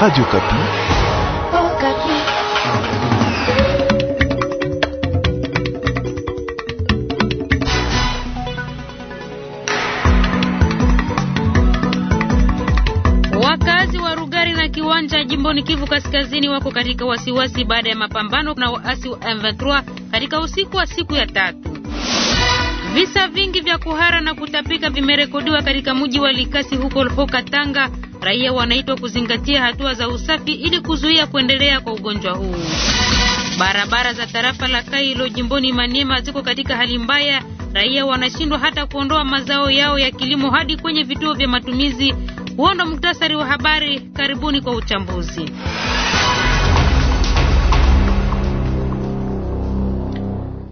Radio Kapi. Oh, Kapi. Wakazi wa Rugari na Kiwanja jimboni Kivu Kaskazini wako katika wasiwasi baada ya mapambano na waasi wa M23 katika usiku wa siku ya tatu. Visa vingi vya kuhara na kutapika vimerekodiwa katika mji wa Likasi huko tanga Raia wanaitwa kuzingatia hatua za usafi ili kuzuia kuendelea kwa ugonjwa huu. Barabara za tarafa la Kailo jimboni Maniema ziko katika hali mbaya. Raia wanashindwa hata kuondoa mazao yao ya kilimo hadi kwenye vituo vya matumizi. Huo ndo muktasari wa habari. Karibuni kwa uchambuzi.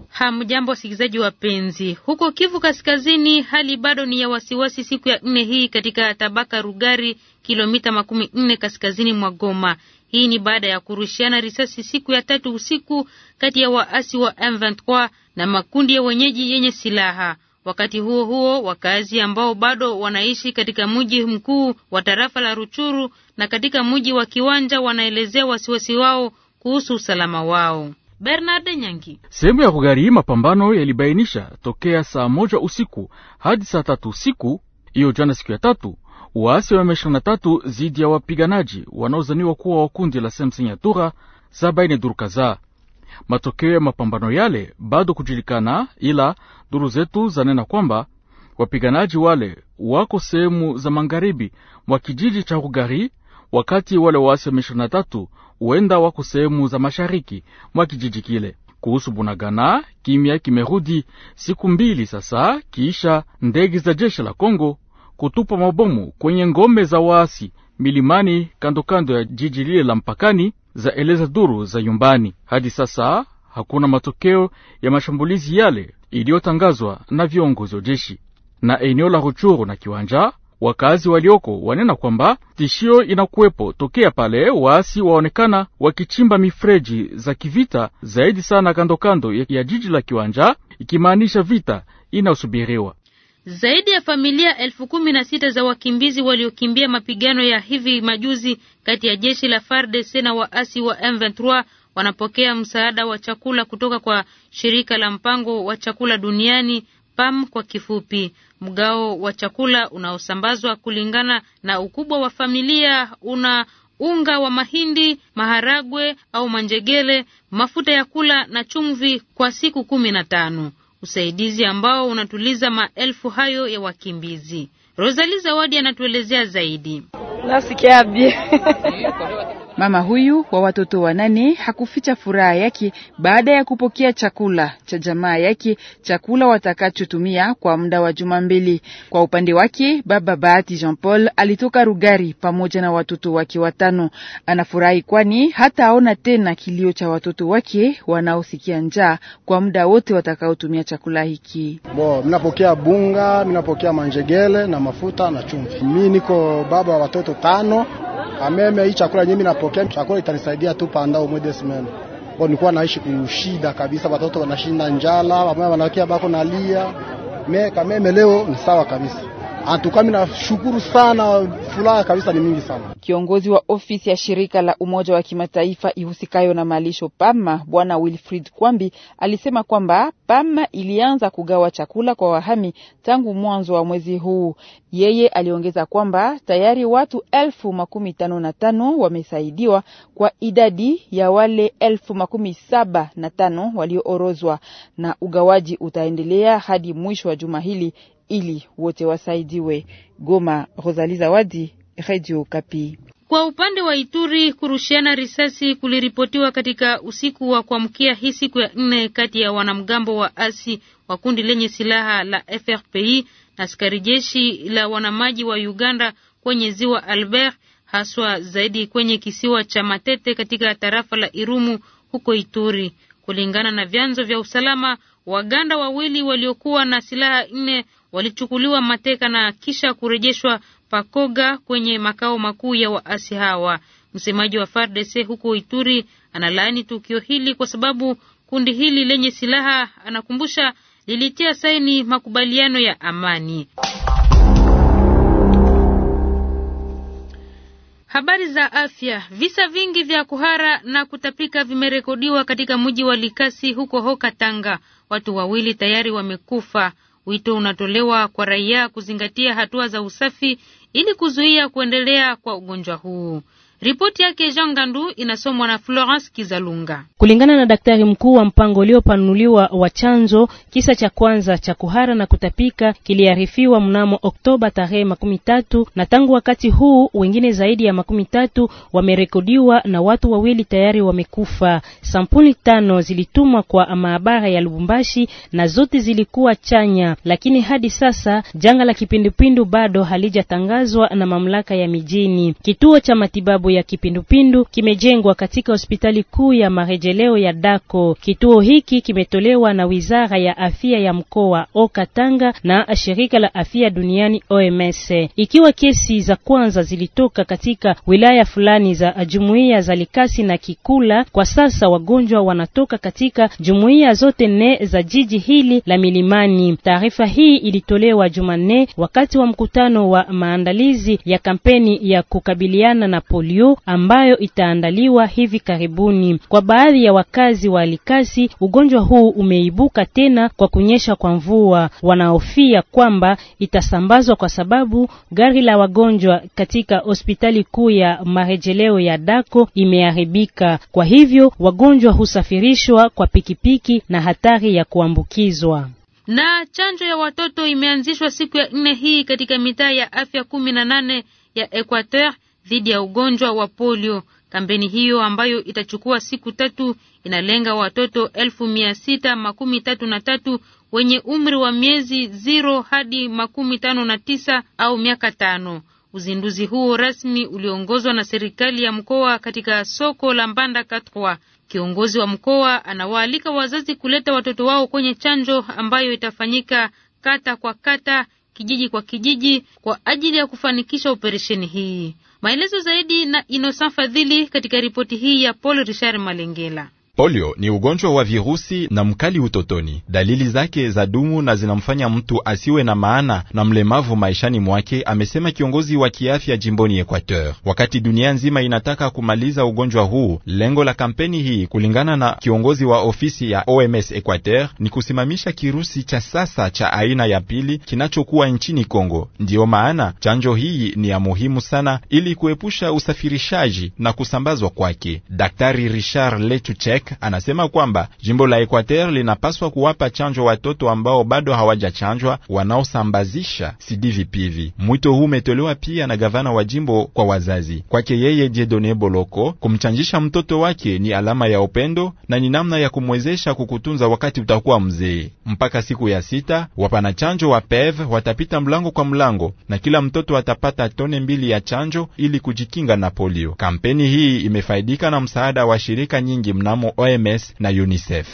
Hamjambo wasikilizaji wapenzi. Huko Kivu Kaskazini, hali bado ni ya wasiwasi siku ya nne hii katika tabaka Rugari, kilomita makumi nne kaskazini mwa Goma. Hii ni baada ya kurushiana risasi siku ya tatu usiku kati ya waasi wa M23 na makundi ya wenyeji yenye silaha. Wakati huo huo, wakazi ambao bado wanaishi katika mji mkuu wa tarafa la Ruchuru na katika mji wa Kiwanja wanaelezea wasiwasi wao kuhusu usalama wao. Bernard Nyangi. Sehemu ya kugharibi mapambano yalibainisha tokea saa moja usiku hadi saa tatu usiku hiyo jana siku ya tatu Waasi wa M23 dhidi ya wapiganaji wanaozaniwa kuwa wa kundi la Semsenyatura sabaini duru kadhaa. Matokeo ya mapambano yale bado kujulikana, ila duru zetu zanena kwamba wapiganaji wale wako sehemu za magharibi mwa kijiji cha Rugari, wakati wale waasi wa M23 huenda wako sehemu za mashariki mwa kijiji kile. Kuhusu Bunagana, kimya kimerudi siku mbili sasa, kiisha ndege za jeshi la Kongo kutupa mabomu kwenye ngome za waasi milimani kandokando ya jiji lile la mpakani, za eleza duru za nyumbani. Hadi sasa hakuna matokeo ya mashambulizi yale iliyotangazwa na viongozi wa jeshi. Na eneo la Ruchuru na Kiwanja, wakazi walioko wanena kwamba tishio inakuwepo tokea pale waasi waonekana wakichimba mifreji za kivita zaidi sana kandokando ya jiji la Kiwanja, ikimaanisha vita inaosubiriwa zaidi ya familia elfu kumi na sita za wakimbizi waliokimbia mapigano ya hivi majuzi kati ya jeshi la FARDC na waasi wa M23 wanapokea msaada wa chakula kutoka kwa shirika la mpango wa chakula duniani PAM kwa kifupi. Mgao wa chakula unaosambazwa kulingana na ukubwa wa familia una unga wa mahindi, maharagwe au manjegele, mafuta ya kula na chumvi kwa siku kumi na tano usaidizi ambao unatuliza maelfu hayo ya wakimbizi. Rosalie Zawadi anatuelezea zaidi. Nasikia Mama huyu wa watoto wanane hakuficha furaha yake baada ya kupokea chakula cha jamaa yake, chakula watakachotumia kwa muda wa juma mbili. Kwa upande wake, baba Bahati Jean Paul alitoka Rugari pamoja na watoto wake watano. Anafurahi kwani hata aona tena kilio cha watoto wake wanaosikia njaa kwa muda wote watakaotumia chakula hiki. Bo, mnapokea bunga, mnapokea manjegele na mafuta na chumvi. Mimi niko baba wa watoto tano. Ameme hii chakula nyinyi okay, chakula itanisaidia tu pandao mwezi mene kwa nilikuwa naishi kushida kabisa, watoto wanashinda njala, wanawake bako nalia. Mimi kama leo ni sawa kabisa. Antukami, na shukuru sana, furaha kabisa ni mingi sana. Kiongozi wa ofisi ya shirika la Umoja wa Kimataifa ihusikayo na malisho PAM, Bwana Wilfrid Kwambi alisema kwamba pama ilianza kugawa chakula kwa wahami tangu mwanzo wa mwezi huu. Yeye aliongeza kwamba tayari watu elfu makumi tano na tano wamesaidiwa kwa idadi ya wale elfu makumi saba na tano walioorozwa na ugawaji utaendelea hadi mwisho wa juma hili ili wote wasaidiwe. Goma, Rosalie Zawadi, Radio Kapi. Kwa upande wa Ituri, kurushiana risasi kuliripotiwa katika usiku wa kuamkia hii siku ya nne kati ya wanamgambo wa asi wa kundi lenye silaha la FRPI na askari jeshi la wanamaji wa Uganda kwenye ziwa Albert, haswa zaidi kwenye kisiwa cha Matete katika tarafa la Irumu huko Ituri. Kulingana na vyanzo vya usalama, Waganda wawili waliokuwa na silaha nne walichukuliwa mateka na kisha kurejeshwa Pakoga kwenye makao makuu ya waasi hawa. Msemaji wa FARDC huko Ituri analaani tukio hili kwa sababu kundi hili lenye silaha, anakumbusha, lilitia saini makubaliano ya amani. Habari za afya. Visa vingi vya kuhara na kutapika vimerekodiwa katika mji wa Likasi huko Hoka Tanga. Watu wawili tayari wamekufa. Wito unatolewa kwa raia kuzingatia hatua za usafi ili kuzuia kuendelea kwa ugonjwa huu. Ripoti yake Jean Gandu inasomwa na Florence Kizalunga. Kulingana na daktari mkuu wa mpango uliopanuliwa wa chanzo kisa cha kwanza cha kuhara na kutapika kiliarifiwa mnamo Oktoba tarehe makumi tatu, na tangu wakati huu wengine zaidi ya makumi tatu wamerekodiwa na watu wawili tayari wamekufa. Sampuli tano zilitumwa kwa maabara ya Lubumbashi na zote zilikuwa chanya, lakini hadi sasa janga la kipindupindu bado halijatangazwa na mamlaka ya mijini. Kituo cha matibabu matibabu ya kipindupindu kimejengwa katika hospitali kuu ya marejeleo ya Dako. Kituo hiki kimetolewa na Wizara ya Afya ya mkoa Okatanga na Shirika la Afya Duniani OMS. Ikiwa kesi za kwanza zilitoka katika wilaya fulani za jumuiya za Likasi na Kikula, kwa sasa wagonjwa wanatoka katika jumuiya zote nne za jiji hili la milimani. Taarifa hii ilitolewa Jumanne wakati wa mkutano wa maandalizi ya kampeni ya kukabiliana na polio Buyu ambayo itaandaliwa hivi karibuni. Kwa baadhi ya wakazi wa likasi ugonjwa huu umeibuka tena kwa kunyesha kwa mvua. Wanaofia kwamba itasambazwa kwa sababu gari la wagonjwa katika hospitali kuu ya marejeleo ya Dako imeharibika. Kwa hivyo wagonjwa husafirishwa kwa pikipiki na hatari ya kuambukizwa na chanjo ya watoto imeanzishwa siku ya nne hii katika mitaa ya afya kumi na nane ya Equateur dhidi ya ugonjwa wa polio. Kampeni hiyo ambayo itachukua siku tatu inalenga watoto elfu mia sita makumi tatu na tatu wenye umri wa miezi zero hadi makumi tano na tisa au miaka tano. Uzinduzi huo rasmi uliongozwa na serikali ya mkoa katika soko la Mbanda Katwa. Kiongozi wa mkoa anawaalika wazazi kuleta watoto wao kwenye chanjo ambayo itafanyika kata kwa kata kijiji kwa kijiji kwa ajili ya kufanikisha operesheni hii. Maelezo zaidi na Inosan Fadhili katika ripoti hii ya Paul Richard Malengela. Polio ni ugonjwa wa virusi na mkali utotoni. Dalili zake za dumu na zinamfanya mtu asiwe na maana na mlemavu maishani mwake, amesema kiongozi wa kiafya jimboni Equateur. Wakati dunia nzima inataka kumaliza ugonjwa huu, lengo la kampeni hii, kulingana na kiongozi wa ofisi ya OMS Equateur, ni kusimamisha kirusi cha sasa cha aina ya pili kinachokuwa nchini Kongo. Ndiyo maana chanjo hii ni ya muhimu sana, ili kuepusha usafirishaji na kusambazwa kwake. Daktari Richard Lechuchek anasema kwamba jimbo la Equateur linapaswa kuwapa chanjo watoto ambao bado hawajachanjwa wanaosambazisha CDVPV. Mwito huu umetolewa pia na gavana wa jimbo kwa wazazi. Kwake yeye, Jedone Boloko, kumchanjisha mtoto wake ni alama ya upendo na ni namna ya kumwezesha kukutunza wakati utakuwa mzee. Mpaka siku ya sita wapana chanjo wa PEV watapita mlango kwa mlango na kila mtoto atapata tone mbili ya chanjo ili kujikinga na polio. Kampeni hii imefaidika na msaada wa shirika nyingi mnamo OMS na UNICEF.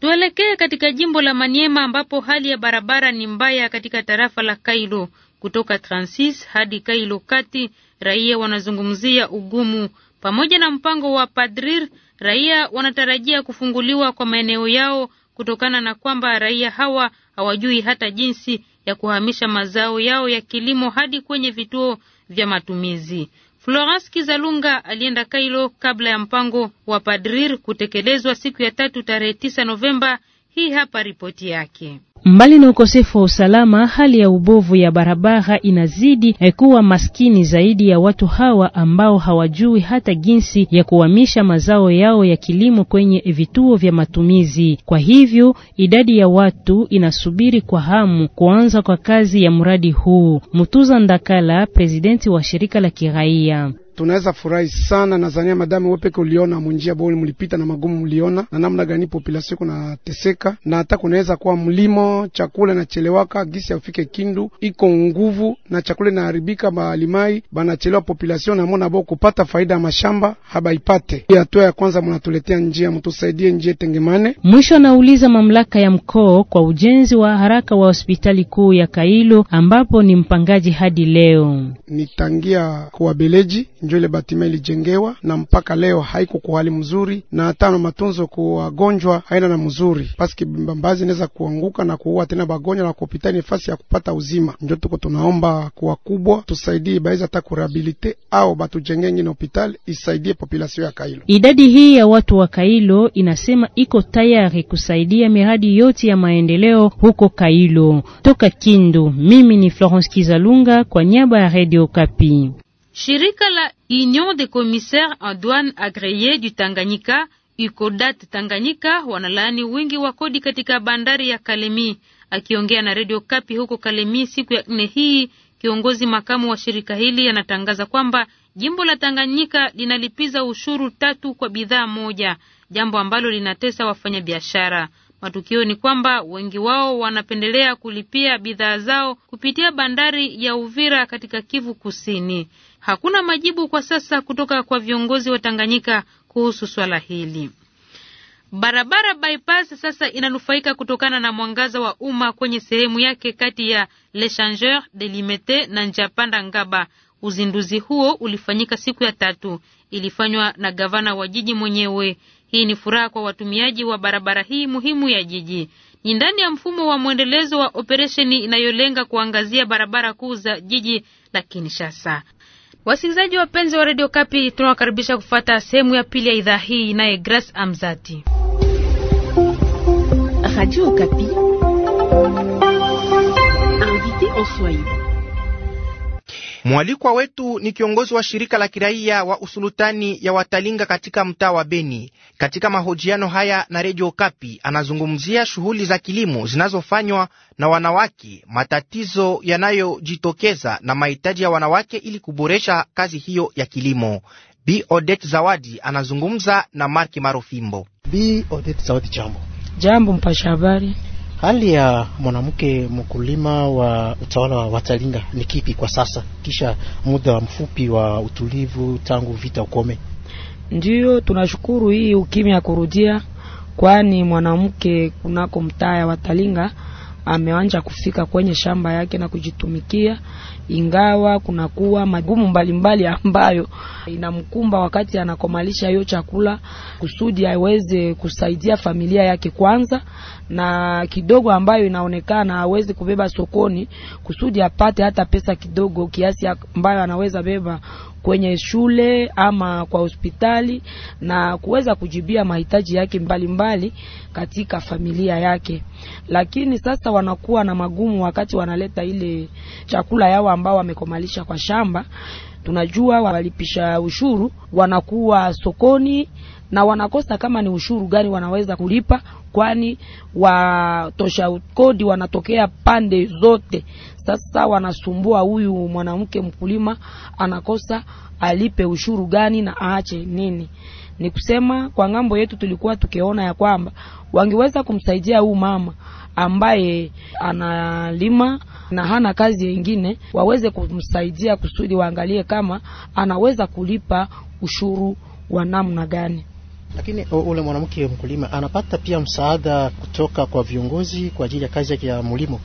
Tuelekee katika jimbo la Maniema ambapo hali ya barabara ni mbaya katika tarafa la Kailo. Kutoka Transis hadi Kailo kati, raia wanazungumzia ugumu. Pamoja na mpango wa Padrir, raia wanatarajia kufunguliwa kwa maeneo yao kutokana na kwamba raia hawa hawajui hata jinsi ya kuhamisha mazao yao ya kilimo hadi kwenye vituo vya matumizi. Florence Kizalunga alienda Kailo kabla ya mpango wa Padrir kutekelezwa siku ya tatu tarehe 9 Novemba. Hii hapa ripoti yake. Mbali na ukosefu wa usalama, hali ya ubovu ya barabara inazidi eh, kuwa maskini zaidi ya watu hawa ambao hawajui hata jinsi ya kuhamisha mazao yao ya kilimo kwenye vituo vya matumizi. Kwa hivyo idadi ya watu inasubiri kwa hamu kuanza kwa kazi ya mradi huu. Mutuza Ndakala, presidenti wa shirika la kiraia tunaweza furahi sana. Nazania madamu wepeke uliona munjia bo mulipita na magumu mliona na namna gani populasion kuna na hata kunaweza kuwa mlimo chakula na chelewaka gisi yaufike kindu iko nguvu na chakula inaharibika, baalimai banachelewa populasion na bo kupata faida ya mashamba habaipate. Hatua ya kwanza munatuletea njia, mtusaidie njia tengemane. Mwisho anauliza mamlaka ya mkoo kwa ujenzi wa haraka wa hospitali kuu ya Kailo ambapo ni mpangaji hadi leo nitangia kuwabeleji njo ile batima ilijengewa na mpaka leo haiko kwa hali mzuri, na hata na matunzo kwa wagonjwa haina na mzuri, paski bimbambazi inaweza kuanguka na kuua tena bagonjwa na kupita nafasi ya kupata uzima. Njo tuko tunaomba kuwa kubwa tusaidie baweza hata kurehabilite au batujenge ngine hospitali isaidie population ya Kailo. Idadi hii ya watu wa Kailo inasema iko tayari kusaidia miradi yote ya maendeleo huko Kailo. Toka Kindu, mimi ni Florence Kizalunga kwa niaba ya Radio Kapi. Shirika la Union des commissaires en douane agréés du Tanganyika Ukodat Tanganyika wanalaani wingi wa kodi katika bandari ya Kalemi. Akiongea na Radio Kapi huko Kalemi siku ya nne hii, kiongozi makamu wa shirika hili anatangaza kwamba jimbo la Tanganyika linalipiza ushuru tatu kwa bidhaa moja, jambo ambalo linatesa wafanyabiashara. Matukio ni kwamba wengi wao wanapendelea kulipia bidhaa zao kupitia bandari ya Uvira katika Kivu Kusini. Hakuna majibu kwa sasa kutoka kwa viongozi wa Tanganyika kuhusu swala hili. Barabara bypass sasa inanufaika kutokana na mwangaza wa umma kwenye sehemu yake kati ya Le Changeur de Limete na Njapanda Ngaba. Uzinduzi huo ulifanyika siku ya tatu, ilifanywa na gavana wa jiji mwenyewe. Hii ni furaha kwa watumiaji wa barabara hii muhimu ya jiji. Ni ndani ya mfumo wa mwendelezo wa operesheni inayolenga kuangazia barabara kuu za jiji la Kinshasa. Wasikilizaji wapenzi wa Radio Kapi, tunawakaribisha kufuata sehemu ya pili ya idhaa hii, naye Grace Amzati. Radio Kapi. Invité en Mwalikwa wetu ni kiongozi wa shirika la kiraia wa usulutani ya Watalinga katika mtaa wa Beni. Katika mahojiano haya na Redio Kapi, anazungumzia shughuli za kilimo zinazofanywa na wanawake, matatizo yanayojitokeza na mahitaji ya wanawake ili kuboresha kazi hiyo ya kilimo. Bi Odette Zawadi anazungumza na Marki Marofimbo. Bi Odette Zawadi, jambo. Jambo mpasha habari. Hali ya mwanamke mkulima wa utawala wa Watalinga ni kipi kwa sasa, kisha muda mfupi wa utulivu tangu vita ukome? Ndiyo, tunashukuru hii ukimya kurudia, kwani mwanamke kunako mtaa ya Watalinga ameanja kufika kwenye shamba yake na kujitumikia, ingawa kunakuwa magumu mbalimbali ambayo inamkumba wakati anakomalisha hiyo chakula, kusudi aweze kusaidia familia yake kwanza, na kidogo ambayo inaonekana aweze kubeba sokoni, kusudi apate hata pesa kidogo, kiasi ambayo anaweza beba kwenye shule ama kwa hospitali na kuweza kujibia mahitaji yake mbalimbali mbali katika familia yake. Lakini sasa wanakuwa na magumu wakati wanaleta ile chakula yao ambao wamekomalisha kwa shamba. Tunajua walipisha ushuru wanakuwa sokoni na wanakosa kama ni ushuru gani wanaweza kulipa kwani watosha kodi wanatokea pande zote. Sasa wanasumbua huyu mwanamke mkulima, anakosa alipe ushuru gani na aache nini? Ni kusema kwa ngambo yetu tulikuwa tukiona ya kwamba wangeweza kumsaidia huyu mama ambaye analima na hana kazi yengine, waweze kumsaidia kusudi waangalie kama anaweza kulipa ushuru wa namna gani. Lakini ule mwanamke mkulima anapata pia msaada kutoka kwa viongozi kwa ajili ya kazi yake ya mlimo?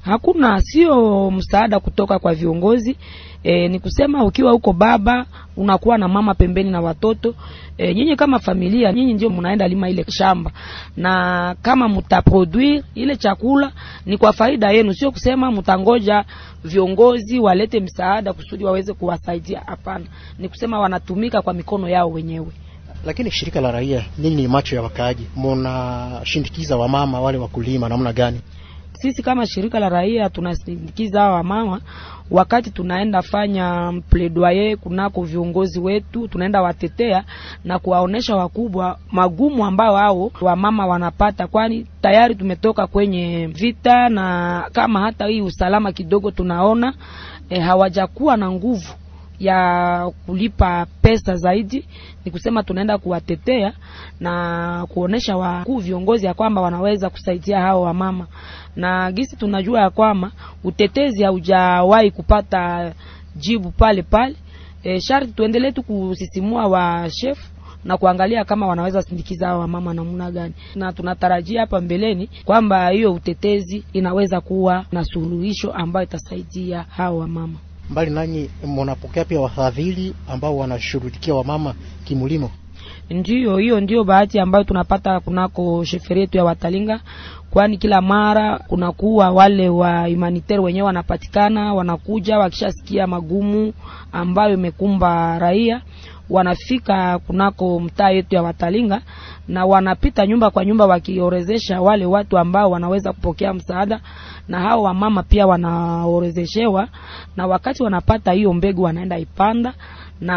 Hakuna, sio msaada kutoka kwa viongozi e, ni kusema ukiwa huko baba unakuwa na mama pembeni na watoto e, nyinyi kama familia nyinyi ndio mnaenda lima ile shamba, na kama mtaproduire ile chakula ni kwa faida yenu, sio kusema mtangoja viongozi walete msaada kusudi waweze kuwasaidia. Hapana, ni kusema wanatumika kwa mikono yao wenyewe. Lakini shirika la raia, nini ni macho ya wakaaji, munashindikiza wamama wale wakulima namna gani? Sisi kama shirika la raia tunasindikiza hawa wamama wakati tunaenda fanya pledoyer kunako viongozi wetu, tunaenda watetea na kuwaonesha wakubwa magumu ambao hao wamama wanapata, kwani tayari tumetoka kwenye vita, na kama hata hii usalama kidogo tunaona eh, hawajakuwa na nguvu ya kulipa pesa zaidi ni kusema tunaenda kuwatetea na kuonesha wakuu viongozi ya kwamba wanaweza kusaidia hao wamama, na gisi tunajua ya kwamba utetezi haujawahi kupata jibu pale pale. E, sharti tuendelee tu kusisimua wa chef na kuangalia kama wanaweza sindikiza hao wamama namna gani, na tunatarajia hapa mbeleni kwamba hiyo utetezi inaweza kuwa na suluhisho ambayo itasaidia hao wamama mbali nanyi mnapokea pia wafadhili ambao wanashughulikia wamama kimulimo? Ndio, hiyo ndio bahati ambayo tunapata kunako sheferi yetu ya Watalinga, kwani kila mara kunakuwa wale wa humanitaire wenyewe wanapatikana, wanakuja wakishasikia magumu ambayo imekumba raia, wanafika kunako mtaa yetu ya Watalinga na wanapita nyumba kwa nyumba wakiorezesha wale watu ambao wanaweza kupokea msaada na hao wamama pia wanaorezeshewa, na wakati wanapata hiyo mbegu wanaenda ipanda, na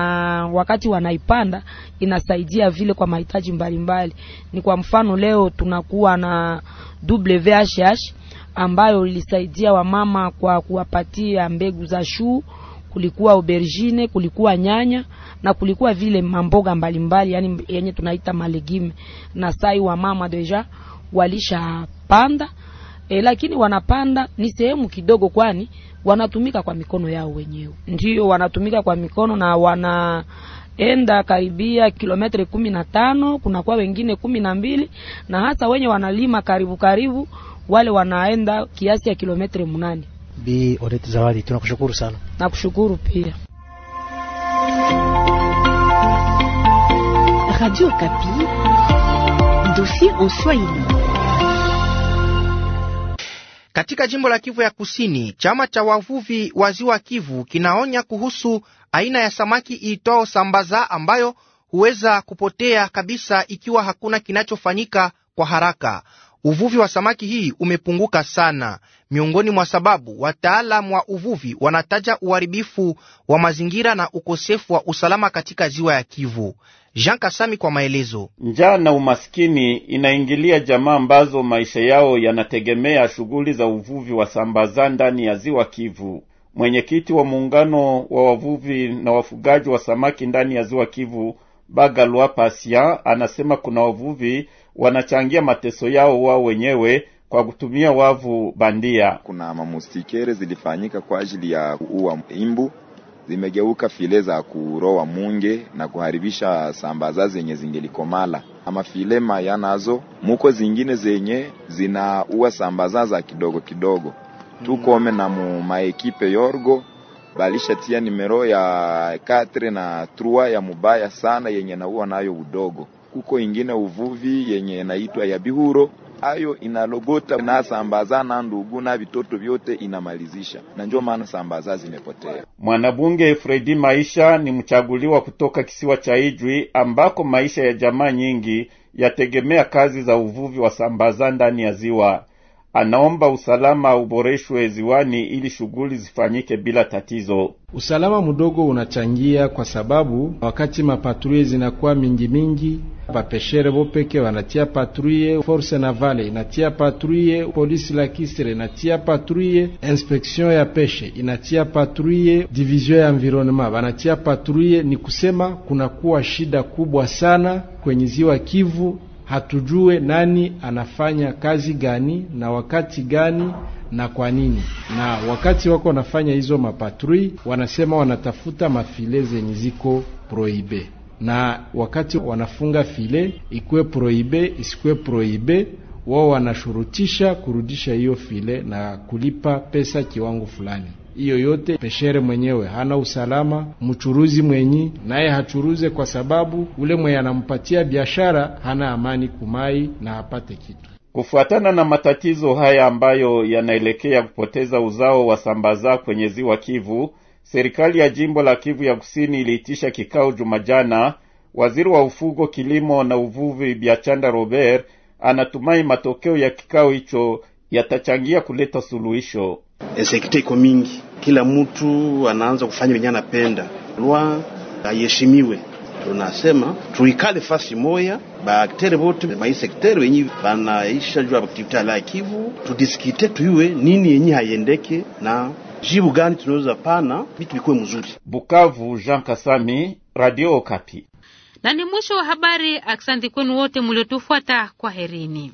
wakati wanaipanda inasaidia vile kwa mahitaji mbalimbali. Ni kwa mfano leo tunakuwa na WHH ambayo ilisaidia wamama kwa kuwapatia mbegu za shuu kulikuwa aubergine, kulikuwa nyanya na kulikuwa vile mamboga mbalimbali, yani yenye tunaita malegime. Na sai wamama deja walishapanda e, lakini wanapanda ni sehemu kidogo, kwani wanatumika kwa mikono yao wenyewe, ndiyo wanatumika kwa mikono na wana enda karibia kilometre kumi na tano kuna kwa wengine kumi na mbili na hasa wenye wanalima karibu karibu wale wanaenda kiasi ya kilometre mnane. Bi Odette Zawadi, tunakushukuru sana. Nakushukuru pia Radio Kapi, dossier en Swahili. Katika jimbo la Kivu ya Kusini, chama cha wavuvi wa ziwa Kivu kinaonya kuhusu aina ya samaki iitwao sambaza ambayo huweza kupotea kabisa ikiwa hakuna kinachofanyika kwa haraka. Uvuvi wa samaki hii umepunguka sana. Miongoni mwa sababu, wataalamu wa uvuvi wanataja uharibifu wa mazingira na ukosefu wa usalama katika ziwa ya Kivu. Jean Kasami kwa maelezo. Njaa na umaskini inaingilia jamaa ambazo maisha yao yanategemea shughuli za uvuvi wa sambaza ndani ya ziwa Kivu. Mwenyekiti wa muungano wa wavuvi na wafugaji wa samaki ndani ya ziwa Kivu, Bagalwa Pasia, anasema kuna wavuvi wanachangia mateso yao wao wenyewe kwa kutumia wavu bandia. Kuna mamustikere zilifanyika kwa ajili ya kuua imbu zimegeuka file za kuroa munge na kuharibisha sambaza zenye zingelikomala ama file maya nazo muko zingine zenye zinaua sambaza za kidogo kidogo tukome mm. na mu maekipe yorgo balishatia nimero ya katre na trua ya mubaya sana yenye naua nayo udogo kuko ingine uvuvi yenye inaitwa ya bihuro ayo inalogota na sambaza na ndugu na vitoto vyote inamalizisha, na ndio maana sambaza zimepotea. Mwanabunge Fredi Maisha ni mchaguliwa kutoka kisiwa cha Ijwi ambako maisha ya jamaa nyingi yategemea kazi za uvuvi wa sambaza ndani ya ziwa anaomba usalama uboreshwe ziwani ili shughuli zifanyike bila tatizo. Usalama mdogo unachangia kwa sababu wakati mapatruye zinakuwa mingi mingi, bapeshere bo peke wanatia patruye, force navale inatia patruye, polisi la kisere inatia patruye, inspection ya peshe inatia patruye, division ya environnement wanatia patruye. Ni kusema kunakuwa shida kubwa sana kwenye ziwa Kivu hatujue nani anafanya kazi gani na wakati gani na kwa nini. Na wakati wako wanafanya hizo mapatrui, wanasema wanatafuta mafile zenye ziko prohibe, na wakati wanafunga file ikuwe prohibe isikuwe prohibe wao wanashurutisha kurudisha hiyo file na kulipa pesa kiwango fulani hiyo yote peshere mwenyewe hana usalama, mchuruzi mwenyi naye hachuruze, kwa sababu ule mwenye anampatia biashara hana amani kumai na hapate kitu. Kufuatana na matatizo haya ambayo yanaelekea kupoteza uzao wa sambaza kwenye ziwa Kivu, serikali ya jimbo la Kivu ya Kusini iliitisha kikao Jumajana. Waziri wa ufugo, kilimo na uvuvi Biachanda Robert anatumai matokeo ya kikao hicho yatachangia kuleta suluhisho. Insekte iko mingi kila mtu anaanza kufanya venye anapenda, lwa aiheshimiwe. Tunasema tuikale fasi moya, baakteri bote maisekteri wenye vanaisha jua aktivite la Kivu, tudiskite tuiwe nini yenye haiendeke na jibu gani tunaweza pana vitu vikuwe mzuri. Bukavu, Jean Kasami, Radio Okapi. Na ni mwisho wa habari. Asante kwenu wote mliotufuata, kwa herini.